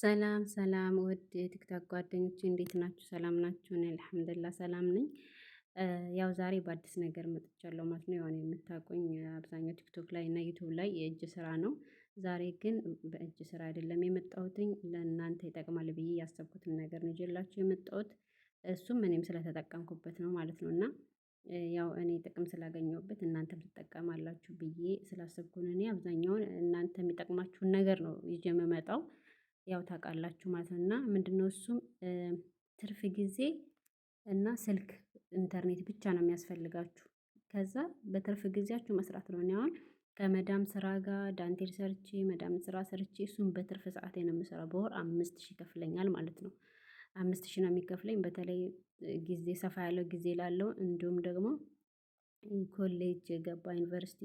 ሰላም ሰላም ውድ የቲክቶክ ጓደኞቼ እንዴት ናችሁ? ሰላም ናችሁ? እኔ አልሐምዱሊላህ ሰላም ነኝ። ያው ዛሬ በአዲስ ነገር መጥቻለሁ ማለት ነው። ያው የምታቆኝ አብዛኛው ቲክቶክ ላይ እና ዩቱብ ላይ የእጅ ስራ ነው። ዛሬ ግን በእጅ ስራ አይደለም የመጣሁትኝ ለእናንተ ይጠቅማል ብዬ ያሰብኩትን ነገር ነው ይዤላችሁ የመጣሁት። እሱም እኔም ስለተጠቀምኩበት ነው ማለት ነው እና ያው እኔ ጥቅም ስላገኘሁበት እናንተም ትጠቀማላችሁ ብዬ ስላሰብኩን እኔ አብዛኛውን እናንተ የሚጠቅማችሁን ነገር ነው ይዤ የምመጣው ያው ታውቃላችሁ ማለት ነው። እና ምንድነው እሱም ትርፍ ጊዜ እና ስልክ ኢንተርኔት ብቻ ነው የሚያስፈልጋችሁ። ከዛ በትርፍ ጊዜያችሁ መስራት ነው። እኔ አሁን ከመዳም ስራ ጋር ዳንቴል ሰርቼ መዳም ስራ ሰርቼ እሱም በትርፍ ሰዓቴ ነው የምሰራው በወር አምስት ሺህ ይከፍለኛል ማለት ነው። አምስት ሺህ ነው የሚከፍለኝ በተለይ ጊዜ ሰፋ ያለው ጊዜ ላለው እንዲሁም ደግሞ ኮሌጅ የገባ ዩኒቨርሲቲ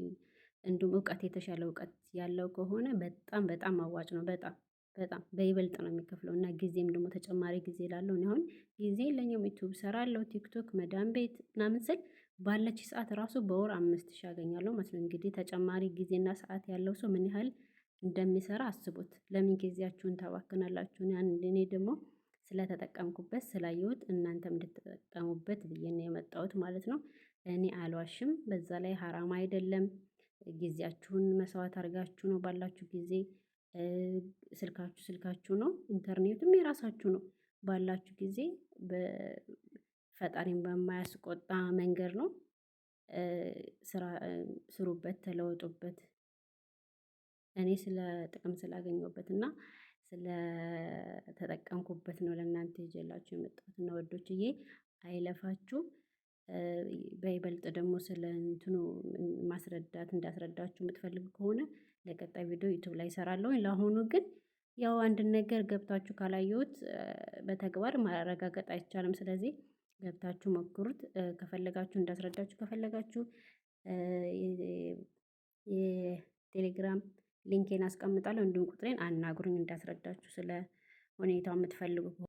እንዲሁም እውቀት የተሻለ እውቀት ያለው ከሆነ በጣም በጣም አዋጭ ነው በጣም በጣም በይበልጥ ነው የሚከፍለው እና ጊዜም ደግሞ ተጨማሪ ጊዜ ላለው አሁን ጊዜ የለኝም ዩቱብ ሰራለው፣ ቲክቶክ መዳን ቤት ምናምን ስል ባለች ሰዓት ራሱ በወር አምስት ሺ ያገኛለሁ መስሎ እንግዲህ ተጨማሪ ጊዜና ሰዓት ያለው ሰው ምን ያህል እንደሚሰራ አስቡት። ለምን ጊዜያችሁን ያን እኔ ደግሞ ስለተጠቀምኩበት ስላየሁት እናንተም እንድትጠቀሙበት ብዬ ነው የመጣሁት ማለት ነው። እኔ አልዋሽም በዛ ላይ ሀራም አይደለም። ጊዜያችሁን መስዋዕት አድርጋችሁ ነው ባላችሁ ጊዜ ስልካችሁ ስልካችሁ ነው፣ ኢንተርኔትም የራሳችሁ ነው። ባላችሁ ጊዜ ፈጣሪን በማያስቆጣ መንገድ ነው። ስሩበት፣ ተለወጡበት። እኔ ስለ ጥቅም ስላገኘሁበት እና ስለተጠቀምኩበት ነው ለእናንተ ይዤላችሁ የመጣሁት እና ውዶችዬ አይለፋችሁ በይበልጥ ደግሞ ስለ እንትኑ ማስረዳት እንዳስረዳችሁ የምትፈልጉ ከሆነ ለቀጣይ ቪዲዮ ዩቱብ ላይ እሰራለሁኝ። ለአሁኑ ግን ያው አንድን ነገር ገብታችሁ ካላየሁት በተግባር ማረጋገጥ አይቻልም። ስለዚህ ገብታችሁ ሞክሩት ከፈለጋችሁ እንዳስረዳችሁ ከፈለጋችሁ የቴሌግራም ሊንኬን አስቀምጣለሁ እንዲሁም ቁጥሬን አናግሩኝ እንዳስረዳችሁ ስለ ሁኔታው የምትፈልጉ